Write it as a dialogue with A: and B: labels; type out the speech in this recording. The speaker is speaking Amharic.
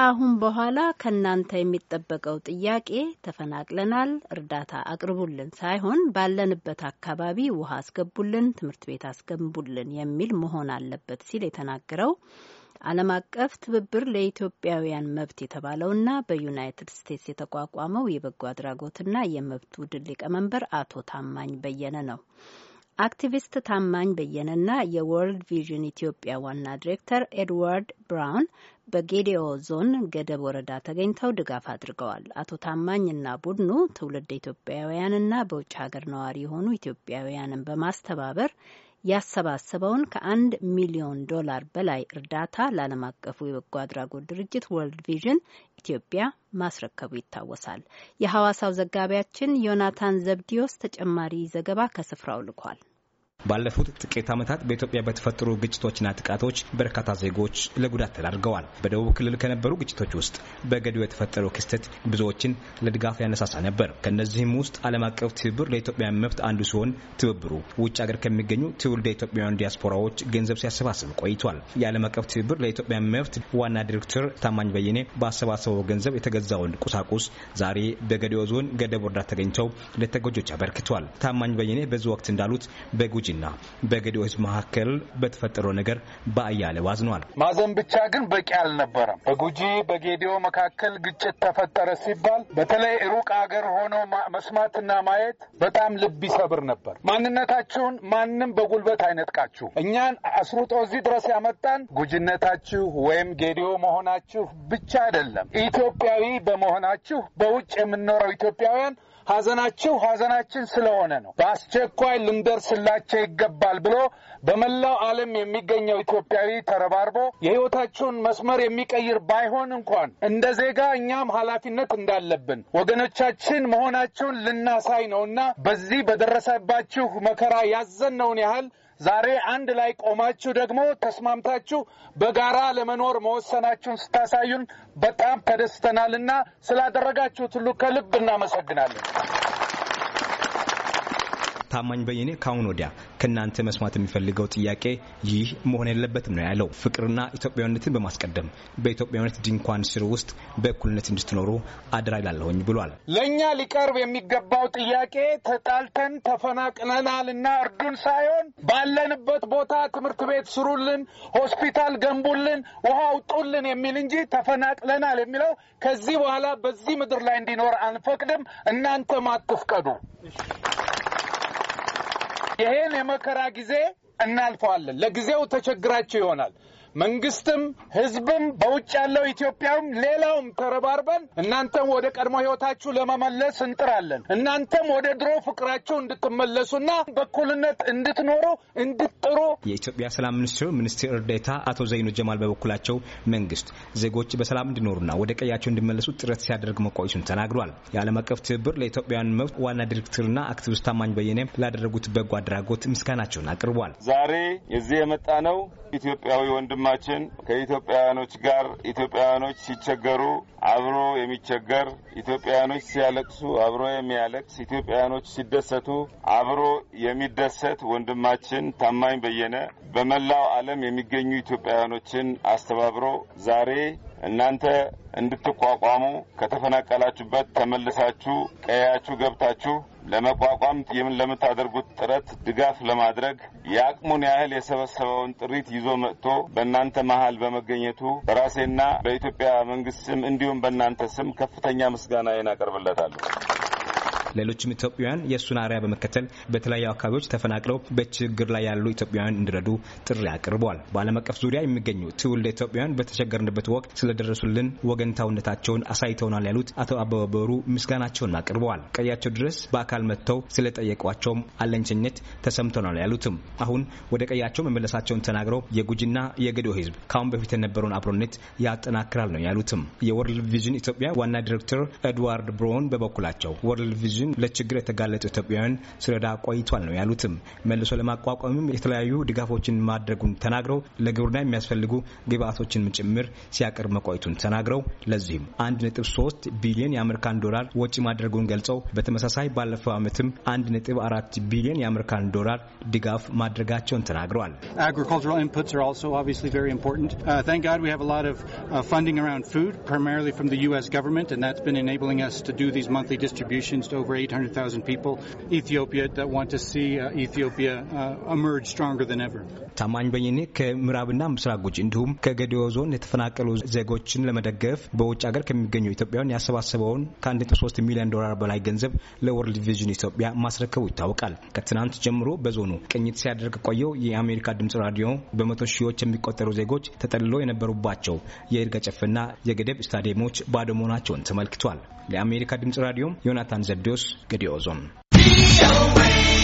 A: ከአሁን በኋላ ከእናንተ የሚጠበቀው ጥያቄ ተፈናቅለናል፣ እርዳታ አቅርቡልን ሳይሆን ባለንበት አካባቢ ውሃ አስገቡልን፣ ትምህርት ቤት አስገንቡልን የሚል መሆን አለበት ሲል የተናገረው ዓለም አቀፍ ትብብር ለኢትዮጵያውያን መብት የተባለውና በዩናይትድ ስቴትስ የተቋቋመው የበጎ አድራጎትና የመብት ውድል ሊቀመንበር አቶ ታማኝ በየነ ነው። አክቲቪስት ታማኝ በየነና የወርልድ ቪዥን ኢትዮጵያ ዋና ዲሬክተር ኤድዋርድ ብራውን በጌዲኦ ዞን ገደብ ወረዳ ተገኝተው ድጋፍ አድርገዋል። አቶ ታማኝና ቡድኑ ትውልድ ኢትዮጵያውያንና በውጭ ሀገር ነዋሪ የሆኑ ኢትዮጵያውያንን በማስተባበር ያሰባሰበውን ከአንድ ሚሊዮን ዶላር በላይ እርዳታ ለዓለም አቀፉ የበጎ አድራጎት ድርጅት ወርልድ ቪዥን ኢትዮጵያ ማስረከቡ ይታወሳል። የሐዋሳው ዘጋቢያችን ዮናታን ዘብዲዮስ ተጨማሪ ዘገባ ከስፍራው ልኳል።
B: ባለፉት ጥቂት ዓመታት በኢትዮጵያ በተፈጠሩ ግጭቶችና ጥቃቶች በርካታ ዜጎች ለጉዳት ተዳርገዋል። በደቡብ ክልል ከነበሩ ግጭቶች ውስጥ በገዲዮ የተፈጠረው ክስተት ብዙዎችን ለድጋፍ ያነሳሳ ነበር። ከእነዚህም ውስጥ ዓለም አቀፍ ትብብር ለኢትዮጵያ መብት አንዱ ሲሆን ትብብሩ ውጭ ሀገር ከሚገኙ ትውልደ ኢትዮጵያውያን ዲያስፖራዎች ገንዘብ ሲያሰባስብ ቆይቷል። የዓለም አቀፍ ትብብር ለኢትዮጵያ መብት ዋና ዲሬክተር ታማኝ በየኔ በአሰባሰበው ገንዘብ የተገዛውን ቁሳቁስ ዛሬ በገዲዮ ዞን ገደብ ወረዳ ተገኝተው ለተጎጆች አበርክቷል። ታማኝ በየኔ በዚህ ወቅት እንዳሉት በጉጂ በጅና በገዲዎች መካከል በተፈጠረው ነገር በአያሌው ዋዝኗል።
C: ማዘን ብቻ ግን በቂ አልነበረም። በጉጂ በጌዲዮ መካከል ግጭት ተፈጠረ ሲባል በተለይ ሩቅ አገር ሆኖ መስማትና ማየት በጣም ልብ ይሰብር ነበር። ማንነታችሁን ማንም በጉልበት አይነጥቃችሁ። እኛን አስሩጦ እዚህ ድረስ ያመጣን ጉጂነታችሁ ወይም ጌዲዮ መሆናችሁ ብቻ አይደለም፣ ኢትዮጵያዊ በመሆናችሁ በውጭ የምንኖረው ኢትዮጵያውያን ሀዘናችው ሐዘናችን ስለሆነ ነው። በአስቸኳይ ልንደርስላቸው ይገባል ብሎ በመላው ዓለም የሚገኘው ኢትዮጵያዊ ተረባርቦ የህይወታቸውን መስመር የሚቀይር ባይሆን እንኳን እንደ ዜጋ እኛም ኃላፊነት እንዳለብን ወገኖቻችን መሆናቸውን ልናሳይ ነውና በዚህ በደረሰባችሁ መከራ ያዘነውን ያህል ዛሬ አንድ ላይ ቆማችሁ ደግሞ ተስማምታችሁ በጋራ ለመኖር መወሰናችሁን ስታሳዩን በጣም ተደስተናልና ስላደረጋችሁት ሁሉ ከልብ እናመሰግናለን።
B: ታማኝ በየኔ ከአሁን ወዲያ ከእናንተ መስማት የሚፈልገው ጥያቄ ይህ መሆን የለበትም ነው ያለው። ፍቅርና ኢትዮጵያዊነትን በማስቀደም በኢትዮጵያዊነት ድንኳን ስር ውስጥ በእኩልነት እንድትኖሩ አደራ ይላለሁኝ ብሏል።
C: ለእኛ ሊቀርብ የሚገባው ጥያቄ ተጣልተን ተፈናቅለናል እና እርዱን ሳይሆን ባለንበት ቦታ ትምህርት ቤት ስሩልን፣ ሆስፒታል ገንቡልን፣ ውሃ ውጡልን የሚል እንጂ ተፈናቅለናል የሚለው ከዚህ በኋላ በዚህ ምድር ላይ እንዲኖር አንፈቅድም። እናንተም አትፍቀዱ። ይሄን የመከራ ጊዜ እናልፈዋለን። ለጊዜው ተቸግራችሁ ይሆናል። መንግስትም ህዝብም በውጭ ያለው ኢትዮጵያም ሌላውም ተረባርበን እናንተም ወደ ቀድሞ ህይወታችሁ ለመመለስ እንጥራለን። እናንተም ወደ ድሮ ፍቅራችሁ እንድትመለሱና በኩልነት እንድትኖሩ እንድትጥሩ።
B: የኢትዮጵያ ሰላም ሚኒስትር ሚኒስትር እርዴታ አቶ ዘይኑ ጀማል በበኩላቸው መንግስት ዜጎች በሰላም እንዲኖሩና ወደ ቀያቸው እንዲመለሱ ጥረት ሲያደርግ መቆየቱን ተናግሯል። የዓለም አቀፍ ትብብር ለኢትዮጵያውያን መብት ዋና ዲሬክተርና አክቲቪስት ታማኝ በየነ ላደረጉት በጎ አድራጎት ምስጋናቸውን አቅርቧል።
D: ዛሬ የዚህ የመጣ ነው ኢትዮጵያዊ ወንድማ ወንድማችን ከኢትዮጵያውያኖች ጋር ኢትዮጵያውያኖች ሲቸገሩ አብሮ የሚቸገር ኢትዮጵያውያኖች ሲያለቅሱ አብሮ የሚያለቅስ ኢትዮጵያውያኖች ሲደሰቱ አብሮ የሚደሰት ወንድማችን ታማኝ በየነ በመላው ዓለም የሚገኙ ኢትዮጵያውያኖችን አስተባብሮ ዛሬ እናንተ እንድትቋቋሙ ከተፈናቀላችሁበት ተመልሳችሁ ቀያችሁ ገብታችሁ ለመቋቋም ለምታደርጉት ጥረት ድጋፍ ለማድረግ የአቅሙን ያህል የሰበሰበውን ጥሪት ይዞ መጥቶ በእናንተ መሀል በመገኘቱ በራሴና በኢትዮጵያ መንግስት ስም እንዲሁም በእናንተ ስም ከፍተኛ ምስጋናዬን አቀርብለታለሁ።
B: ሌሎችም ኢትዮጵያውያን የእሱን አርያ በመከተል በተለያዩ አካባቢዎች ተፈናቅለው በችግር ላይ ያሉ ኢትዮጵያውያን እንዲረዱ ጥሪ አቅርበዋል። በዓለም አቀፍ ዙሪያ የሚገኙ ትውልደ ኢትዮጵያውያን በተቸገርንበት ወቅት ስለደረሱልን ወገንታውነታቸውን አሳይተውናል ያሉት አቶ አበበ በሩ ምስጋናቸውን አቅርበዋል። ቀያቸው ድረስ በአካል መጥተው ስለጠየቋቸውም አለኝችነት ተሰምተናል ያሉትም አሁን ወደ ቀያቸው መመለሳቸውን ተናግረው የጉጂና የገዶ ህዝብ ከአሁን በፊት የነበረውን አብሮነት ያጠናክራል ነው ያሉትም። የወርልድ ቪዥን ኢትዮጵያ ዋና ዲሬክተር ኤድዋርድ ብሮን በበኩላቸው ወርልድ ቪዥን ግን ለችግር የተጋለጡ ኢትዮጵያውያን ሲረዳ ቆይቷል ነው ያሉትም። መልሶ ለማቋቋምም የተለያዩ ድጋፎችን ማድረጉን ተናግረው ለግብርና የሚያስፈልጉ ግብአቶችን ጭምር ሲያቀርብ መቆይቱን ተናግረው ለዚህም 1.3 ቢሊዮን የአሜሪካን ዶላር ወጪ ማድረጉን ገልጸው በተመሳሳይ ባለፈው ዓመትም 1.4 ቢሊዮን የአሜሪካን ዶላር ድጋፍ ማድረጋቸውን ተናግረዋል።
C: funding around food, primarily from the U.S. government, and that's been enabling us to do these monthly distributions to over 800,000 people, Ethiopia, that want to see uh, Ethiopia uh, emerge stronger than ever.
B: ታማኝ በየኔ ከምዕራብና ምስራቅ ጉጂ እንዲሁም ከገዲዮ ዞን የተፈናቀሉ ዜጎችን ለመደገፍ በውጭ ሀገር ከሚገኙ ኢትዮጵያውያን ያሰባሰበውን ከ1.3 ሚሊዮን ዶላር በላይ ገንዘብ ለወርልድ ቪዥን ኢትዮጵያ ማስረከቡ ይታወቃል። ከትናንት ጀምሮ በዞኑ ቅኝት ሲያደርግ ቆየው የአሜሪካ ድምጽ ራዲዮ በመቶ ሺዎች የሚቆጠሩ ዜጎች ተጠልሎ የነበሩባቸው የይርጋጨፌና የገደብ ስታዲየሞች ባዶ መሆናቸውን ተመልክቷል። ለአሜሪካ ድምጽ ራዲዮ ዮናታን ዘብዴዎስ ገዲኦ ዞን